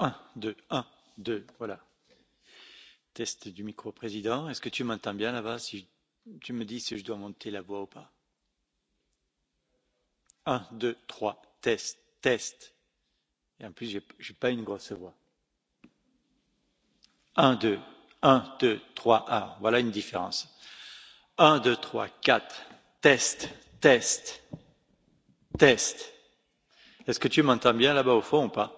Un, deux, un, deux, voilà. Test du micro, président. Est-ce que tu m'entends bien là-bas si tu me dis si je dois monter la voix ou pas? Un, deux, trois, test, test. Et en plus, je n'ai pas une grosse voix. Un, deux, un, deux, trois, un. Voilà une différence. Un, deux, trois, quatre. Test, test, test. Est-ce que tu m'entends bien là-bas au fond ou pas?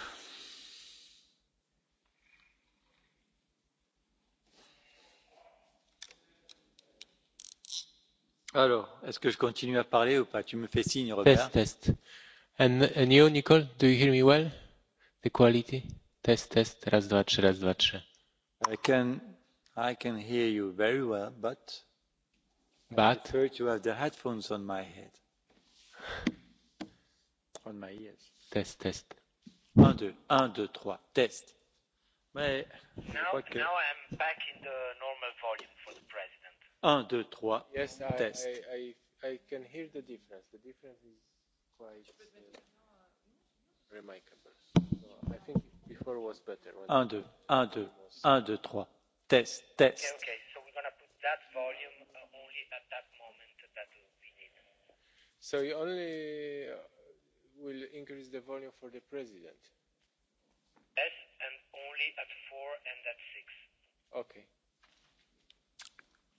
Alors, est-ce que je continue à parler ou pas? Tu me fais signe, Robert. Test, test. And, and you, Nicole, do you hear me well? The quality? Test, test. Raz, dwa, trzy, raz, dwa, trzy. I can, I can hear you very well, but, but? I prefer to have the headphones on my head. On my ears. Test, test. Un, deux, un, deux, trois. Test. Mais, now, je que... now I'm back in the normal volume yes, test. I, I, I can hear the difference. The difference is quite uh, remarkable. So I think before was better. test, test. Okay, okay. so we're going to put that volume uh, only at that moment that we need. So you only uh, will increase the volume for the president? Yes, and only at four and at six. Okay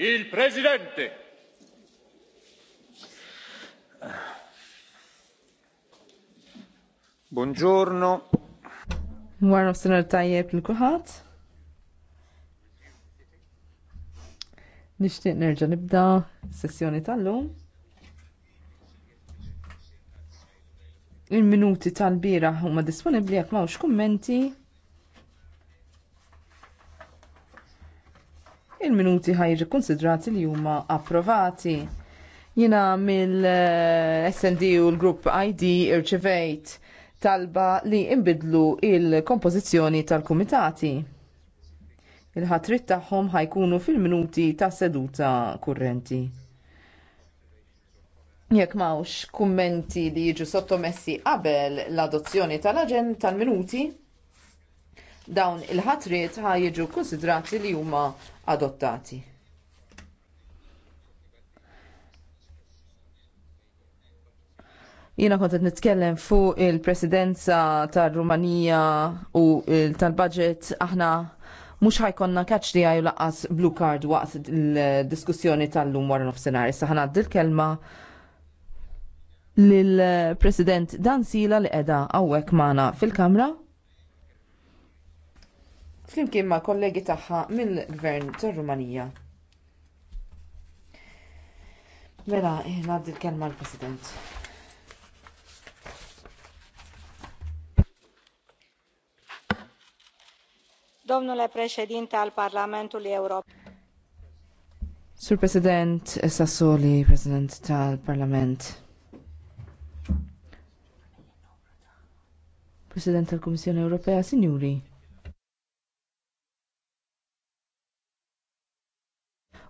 il presidente buongiorno wara f'sinar tajjeb il kulħadd nixtieq nerġa' nibda sessjoni tal-lum il-minuti tal-bieraħ huma disponibbli jekk m'hawnx kummenti Minuti minuti ħajri konsidrati li huma approvati. Jina mill-SND u l-grupp ID irċivejt talba li imbidlu il-kompożizzjoni tal-kumitati. Il-ħatrit tagħhom ħajkunu fil-minuti ta' seduta kurrenti. Jekk mawx kummenti li jiġu sottomessi qabel l-adozzjoni tal-aġen tal-minuti, dawn il-ħatriet ħa jiġu kkunsidrati li huma adottati. Jiena kont qed nitkellem fuq il-presidenza tar-Rumanija u tal-budget aħna mhux ħajkonna catch li u laqas blue card waqt il-diskussjoni tal-lum wara nofsinhar. Issa ħanaddi kelma lill-President Dan Sila li qiegħda hawnhekk magħna fil-Kamra flimkien ma' kollegi tagħha mill-Gvern tar-Rumanija. Mela, ngħaddi l-kelma l-President. domnule președinte al Parlamentului European. Sur President Sassoli, President tal-Parlament. President tal-Kummissjoni Ewropea, Sinjuri.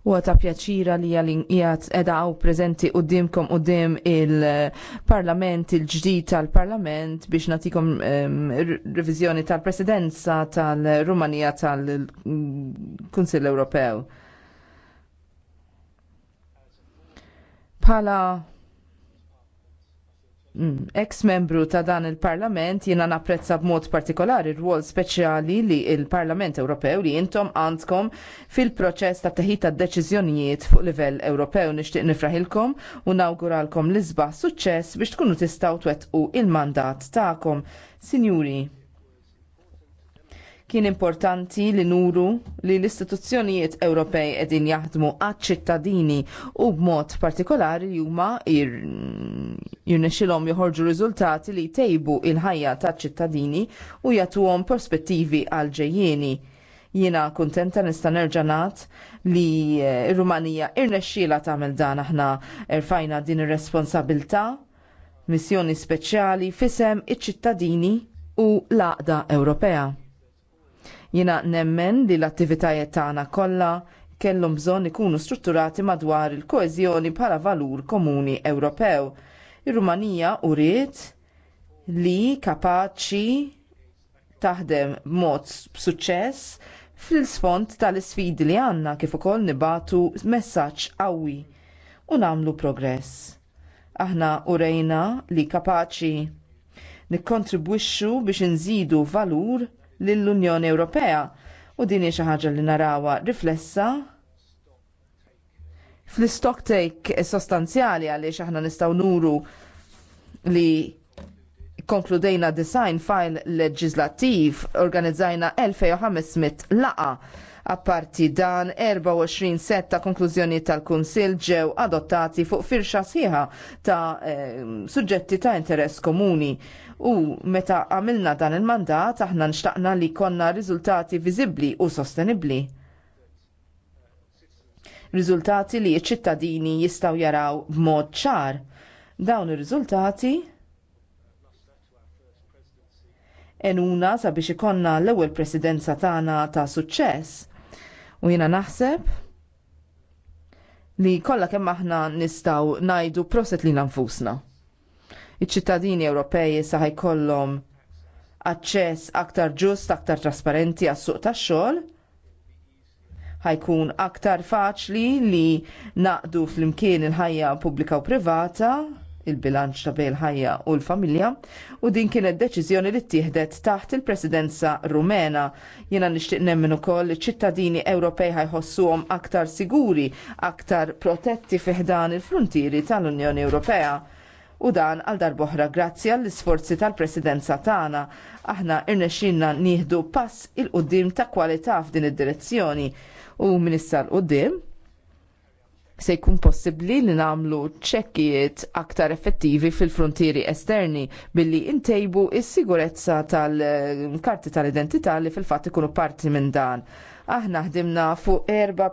u ta' pjaċira li jgħat edha għaw prezenti u dimkom u dim il-parlament, il-ġdijt tal-parlament biex natikom revizjoni tal-presidenza tal-Rumanija tal-Kunsill Ewropew. Pala Mm, ex-membru ta' dan il-Parlament jiena napprezza b'mod partikolari r-rwol speċjali li l parlament Ewropew li intom għandkom fil-proċess ta' teħid ta' deċiżjonijiet fuq livell Ewropew nixtieq nifraħilkom u nawguralkom l-isbaħ suċċess biex tkunu tistgħu twettqu il-mandat tagħkom. Sinjuri, Kien importanti li nuru li l-istituzzjonijiet Ewropej edin jaħdmu għad-ċittadini u b'mod partikolari li huma jirnexilhom joħorġu riżultati li tejbu il-ħajja taċ-ċittadini u jagħtuhom prospettivi għal ġejjieni jiena kuntenta nista' nerġa' li r-Rumanija eh, irnexxiela tagħmel dan aħna erfajna din ir-responsabilità missjoni speċjali fisem iċ-ċittadini u l-għaqda Ewropea. Jiena nemmen li l-attivitajiet tagħna kollha kellhom bżonn ikunu strutturati madwar il-koeżjoni bħala valur komuni Ewropew. Ir-Rumanija uriet li kapaċi taħdem b'mod b'suċċess fl-isfond tal-isfidi li għandna kif ukoll nibatu messaġġ qawwi u nagħmlu progress. Aħna urejna li kapaċi nikkontribwixxu biex inżidu valur lill-Unjoni Ewropea u din hija xi ħaġa li narawha riflessa fl-stock take sostanzjali għaliex aħna nistgħu nuru li konkludejna design file leġislattiv, organizzajna 1500 laqa Apparti dan 24 set ta' konklużjoni tal-Kunsill ġew adottati fuq firxa sħiħa ta' eh, suġġetti ta' interess komuni. U meta għamilna dan il-mandat aħna nxtaqna li konna riżultati viżibbli u sostenibbli. Riżultati li ċ-ċittadini jistgħu jaraw b'mod ċar. Dawn ir-riżultati enuna sabiex ikonna l-ewwel presidenza tagħna ta' suċċess. U jiena naħseb li kollha kemm aħna nistgħu ngħidu proset li nfusna. Iċ-ċittadini Ewropej issa ħajkollhom aċċess aktar ġust, aktar trasparenti għas-suq tax-xogħol, ħajkun aktar faċli li naqdu flimkien il-ħajja pubblika u privata, il-bilanċ ta' bejn ħajja u l-familja u din kienet deċiżjoni li ttieħdet taħt il-presidenza rumena. Jiena nixtieq nemmen ukoll ċittadini Ewropej ħajħossuhom aktar siguri, aktar protetti fiħdan il-frontieri tal-Unjoni Ewropea. U dan għal darboħra grazzi għall isforzi tal-presidenza tagħna. Aħna irnexxinna nieħdu pass il-qudiem ta' kwalità f'din id-direzzjoni u minister l-qudiem se jkun possibbli li nagħmlu ċekkijiet aktar effettivi fil-frontieri esterni billi ntejbu s sigurezza tal-karti tal-identità li fil-fatt ikunu parti minn dan. Aħna ħdimna fuq erba'